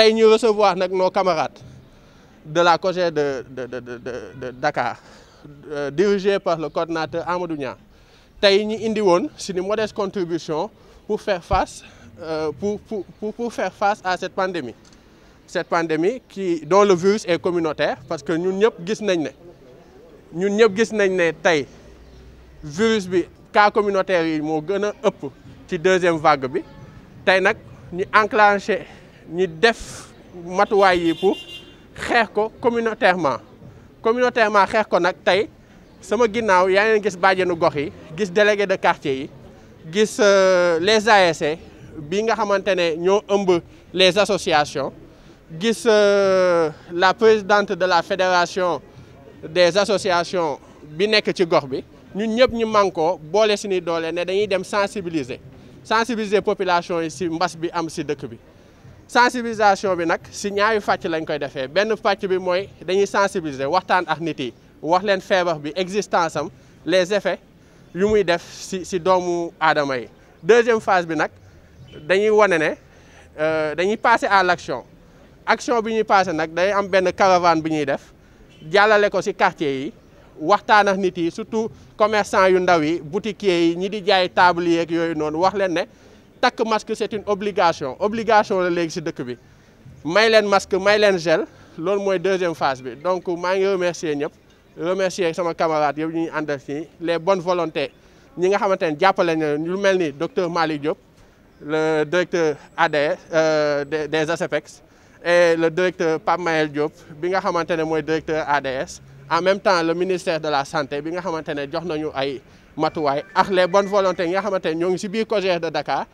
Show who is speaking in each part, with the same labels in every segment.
Speaker 1: tey ñu recevoir nag nos camarades de la COJER de de de de Dakar euh, dirigé par le coordinateur Amadou Niang tey ñu indi woon suñu modeste contribution pour faire face euh, pour pour pour faire face à cette pandémie cette pandémie qui dont le virus est communautaire parce que ñun ñëpp gis nañ ne ñun ñëpp gis nañ ne tey virus bi cas communautaire yi moo gën a ëpp ci deuxième vague bi tey nag ñu enclenché. ñi def matuwaay yi pour xeex ko communautairement communautairement xeex ko nag tey sama ginnaaw yaa ngeen gis bàjjenu gox yi gis délégué de quartier yi gis euh, les ASC bi nga xamante ne ñoo ëmb les associations gis euh, la présidente de la fédération des associations bi nekk ci gox bi ñun ñëpp ñu mànkoo boole suñuy doole ne dañuy dem sensibiliser sensibiliser population yi si mbas bi am si dëkk bi sensibilisation bi nag si ñaari fàcc lañ koy defee benn pàcc bi mooy dañuy sensibiliser waxtaan ak nit yi wax leen feebar bi existence am les effets yu muy def si si doomu aadama yi deuxième phase bi nag dañuy wane ne euh, dañuy passer à l'action action bi ñuy passé nag day am benn caravane bi ñuy def jàllale ko si quartier yi waxtaan ak nit yi surtout commerçant yu ndaw yi boutiquier yi ñi di jaay tablier yeeg yooyu noonu wax leen ne takk masque c'est une obligation obligation la léegi si dëkk bi may leen masque may leen gel lool mooy deuxième phase bi donc maa ngi remercier ñëpp remercier sama camarade yëpp ñu ànd ak fii les bonnes volontés ñi nga xamante ni jàppale na lu mel ni docteur Malick Diop le directeur ADS e, euh, des ASEPEX e le directeur Pape Mayel Diop bi nga xamante ne mooy directeur ADS en même temps le ministère de la santé bi nga xamante ne jox nañu ay matuwaay ak le bonnes volontés yi nga xamante ne ñoo ngi si biir COJER de Dakar.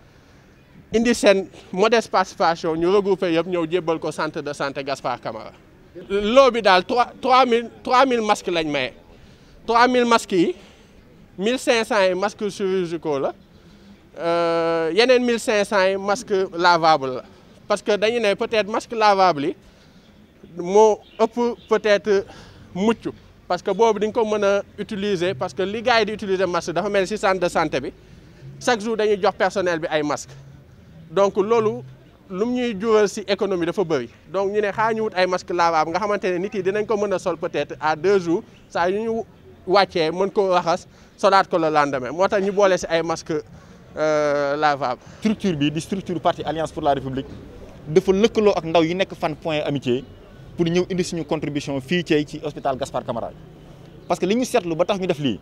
Speaker 1: indi seen modeste participation ñu regroupé yëpp ñëw jébbal ko centre de santé Gaspard Camara. loo bi daal trois trois mille trois mille masques lañ maye trois mille masques yi mille cinq cent yi masques chirurgicaux la euh, yeneen mille cinq cent yi masques lavables la parce que dañu ne peut-être masque lavable yi moo ëpp peut-être mucc parce que boobu dañ ko mën a utiliser parce que li gars yi di utiliser masque dafa mel ci centre de santé bi chaque jour dañuy jox personnel bi ay masques. donc loolu lu mu ñuy jural si économie dafa bëri donc ñu ne xaa ñu wut ay masque lavable nga xamante ne nit yi dinañ ko mën a sol peut-être à deux jours saa yu ñu wàccee mën ko raxas solaat ko le lendemain moo tax ñu boole si ay masque
Speaker 2: euh, lavable structure bi di structure parti alliance pour la république dafa lëkkaloo ak ndaw yi nekk fan point amitié pour ñëw indi suñu contribution fii ci ci hôpital Gaspard Camara parce que li ñu seetlu ba tax ñu def lii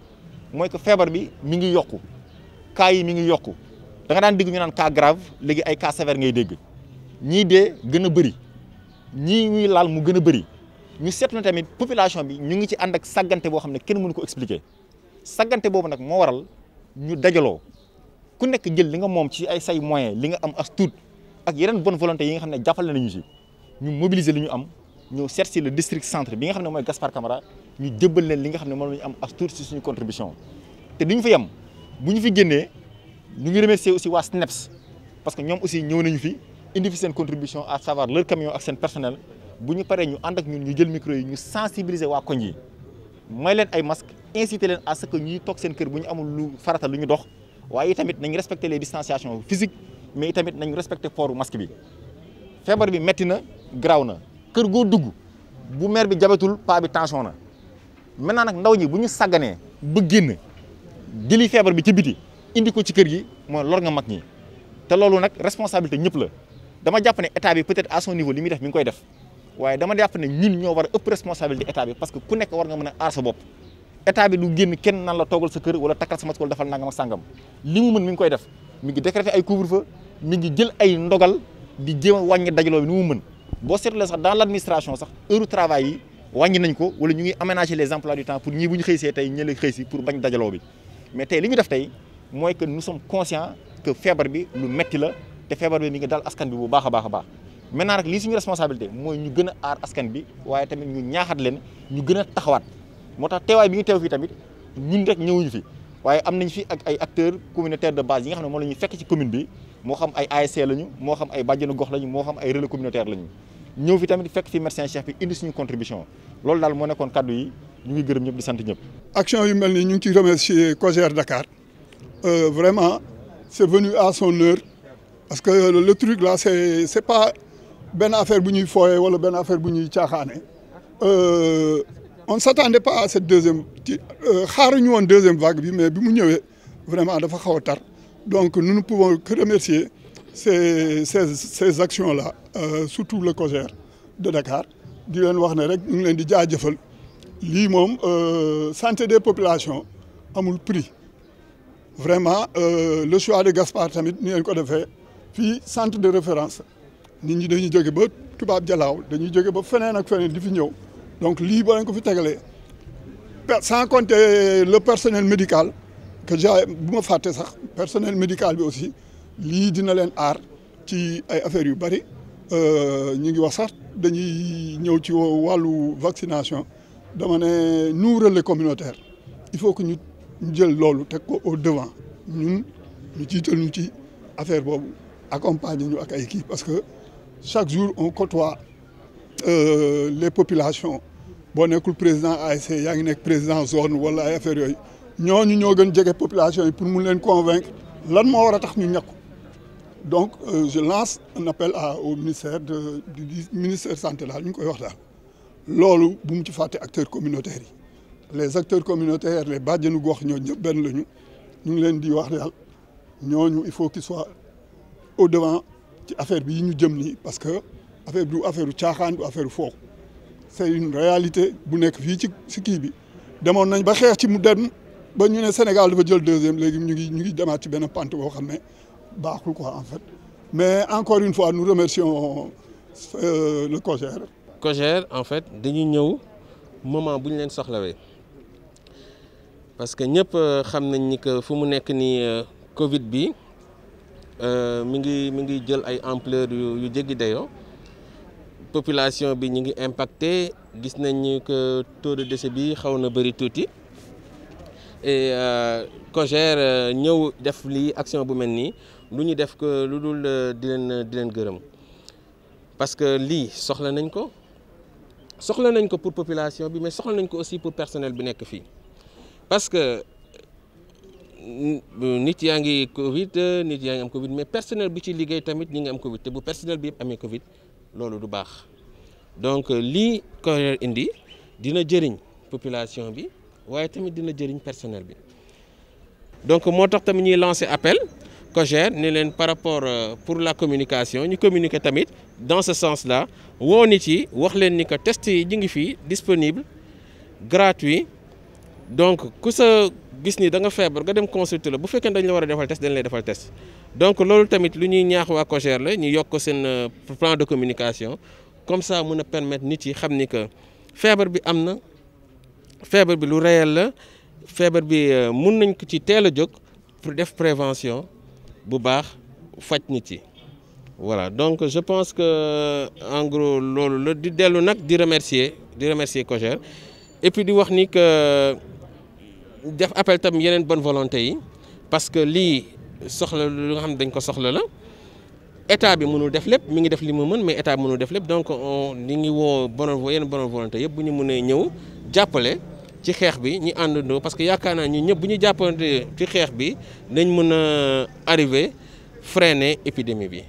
Speaker 2: mooy que feebar bi mi ngi yokku cas yi mi ngi yokku da daan dégg ñu naan cas grave léegi ay cas sévère ngay dégg ñii dee gën a bëri ñii ñuy laal mu gën a bëri ñu seetlu na tamit population bi ñu ngi ci ànd ak sàggante boo xam ne kenn mënu ko expliquer sàggante boobu nag moo waral ñu dajaloo ku nekk jël li nga moom ci ay say moyens li nga am as tuut ak yeneen bon volonté yi nga xam ne jàppale nañu si ñu mobiliser li ñu am ñëw seet si le district centre bi nga xam ne mooy Gaspard Camara ñu jébbal leen li nga xam ne moom la am as si suñu contribution te duñu fa yem bu ñu fi génnee. ñu ngi remercier aussi waa SNEPS parce que ñoom aussi ñëw nañu fi indi fi seen contribution à savoir leur camion ak seen personnel bu ñu paree ñu ànd ak ñun ñu jël micro yi ñu sensibiliser waa koñ yi may leen ay masques inciter leen à ce que ñuy toog seen kër bu ñu amul lu farata lu ñu dox waaye tamit nañ respecter les distanciations physiques mais tamit nañ respecter port masque bi feebar bi metti na garaaw na kër goo dugg bu maire bi jabatul paa bi tension na ndaw ñi bu ñu sàgganee ba génn jëli feebar bi ci biti indi ko ci kër gi mooy lor nga mag ñi te loolu nag responsabilité ñëpp la dama jàpp ne état bi peut-être à son niveau li mu def mi ngi koy def waaye dama jàpp ne ñun ñoo war a ëpp responsabilité état bi parce que ku nekk war nga mën a aar sa bopp état bi du génn kenn nan la toogal sa kër wala takkal sa masque wala defal nangam ak sàngam li mu mën mi ngi koy def mi ngi décrété ay couvre-feu mi ngi jël ay ndogal di jéem a wàññi dajaloo bi ni mu mën boo seetlee sax dans l'administration sax heure travail yi wàññi nañ ko wala ñu ngi aménager les emplois du temps pour ñii bu ñu xëy see tey ñële xëy si pour bañ dajaloo bi tey li ñu def tey mooy que nous sommes conscients que feebar bi lu metti la te feebar bi mi ngi dal askan bi bu baax a baax a baax maintenant rek lii suñu responsabilité mooy ñu gën a aar askan bi waaye tamit ñu ñaaxat leen ñu gën a taxawaat moo tax teewaay bi ñu teew fii tamit ñu rek ñëwuñu fi waaye am nañ fi ak ay acteurs communautaires de base yi nga xam ne moom la ñuy fekk ci commune bi moo xam moo xam ay bàjjenu gox lañu moo xam ay relais communautaire fi tamit fekk fi médecin chef bi indi suñu contribution loolu daal moo nekkoon kaddu yi
Speaker 3: ñu ngi gërëm ñëpp di sant ñëpp. action yu mel nii ñu ngi ciy remercier Dakar. euh, vraiment, c'est venu à son heure. Parce que euh, le truc là, c'est n'est pas une affaire ñuy foyer ou une affaire bu qui euh, On ne s'attendait pas à cette deuxième. Euh, nous une deuxième vague, bi mais bi mu ñëwee vraiment, il faut tard. Donc nunu ne pouvons que remercier ces, ces, ces actions-là, euh, surtout le COGER de Dakar. di leen wax ne rek ñu ngi leen di jaajëfal lii moom euh, santé des population amul prix vraiment euh, le choix de Gaspard tamit ni ngeen ko defee fii centre de référence nit ñi dañuy jóge ba tubaab jalaaw dañuy jóge ba feneen ak feneen di fi ñëw donc lii ba leen ko fi tegalee sans compter le personnel médical que j'ai bu ma fàtte sax personnel médical bi aussi lii dina leen aar ci ay affaires yu bari euh, ñu ngi wax sax dañuy ñëw ci wàllu vaccination dama ne nous relais communautaire il faut que ñu ñu jël loolu teg ko au devant ñun ñu jiital ñu ci affaire boobu accompagner ñu ak ay kii parce que chaque jour on côtoie euh, les population boo nekkul président ASC yaa ngi nekk président zone wala ay affaire yooyu ñooñu ñoo gën jege population yi pour mun leen convaincre lan moo war a tax ñu ñakku donc euh, je lance un appel à au ministère de di ministère santé daal ñu ngi koy wax daal loolu bu mu ci fàtte acteurs communautaires yi. les acteurs communautaires les bàjjenu gox ñoo ñëpp benn lañu ñu ngi leen di wax yàlla ñooñu il faut qu'il soit au devant ci affaire bi yi ñu jëm nii parce que affaire du affaire u caaxaan du affaire u foofu c'est une réalité bu nekk fii ci si kii bi demoon nañ ba xeex ci mu dem ba ñu ne Sénégal dafa jël deuxième léegi ñu ngi ñu ngi demaat ci benn pante boo xam ne baaxul ko en fait mais encore une fois nous remercions euh, le COJER.
Speaker 4: COJER en fait dañuy ñëw moment bu ñu leen soxlawee. parce que ñëpp euh, xam nañ ni que fu mu nekk nii euh, Covid bi euh, mi ngi mi ngi jël ay empleur yu yu jéggi dayoo population bi ñu ngi impacté gis nañ ni que taux de décès bi xaw na bëri tuuti e COJER ñëw def lii action bu mel nii lu ñu def ko lu dul di leen di leen gërëm parce que lii soxla nañ ko soxla nañ ko pour population bi mais soxla nañ ko aussi pour personnel bi nekk fii. parce que euh, nit yaa ngi Covid nit yaa ngi am Covid mais personnel bi ci liggéey tamit ñi ngi am Covid te bu personnel bi yëpp amee Covid loolu du baax donc euh, lii Koweer indi dina jëriñ population bi waaye tamit dina jëriñ personnel bi donc moo tax tamit ñuy lancer appel COJER ni leen par rapport euh, pour la communication ñu communiquer tamit dans ce sens la woo nit yi wax leen ni que test yi ñu ngi fii disponible gratuit donc ku sa gis ni da nga feebar nga dem consulter la bu fekkee dañu la war a defal test dañ lay defal test donc loolu tamit lu ñuy ñaax waa COJER la ñu yokk seen euh, plan de communication comme ça mun a permettre nit yi xam ni que feebar bi am na feebar bi lu réel la feebar bi euh, mun nañ ko ci teel a jóg pour def prévention bu baax faj nit yi voilà donc je pense que euh, en gros loolu la di dellu nag di remercier di remercier COJER et puis di wax ni que. def appel tam yeneen bon volonté yi parce que lii soxla lu nga xam ne dañ ko soxla la état bi mënul def lépp mu ngi def li mu mën mais état bi mënul def lépp donc on li ngi woo bonne yeneen bonne volonté yëpp bu ñu mënee ñëw jàppale ci xeex bi ñu àndandoo parce que yaakaar naa ñu ñëpp bu ñu jàppante ci xeex bi dañ mën a arriver freiner épidémie bi.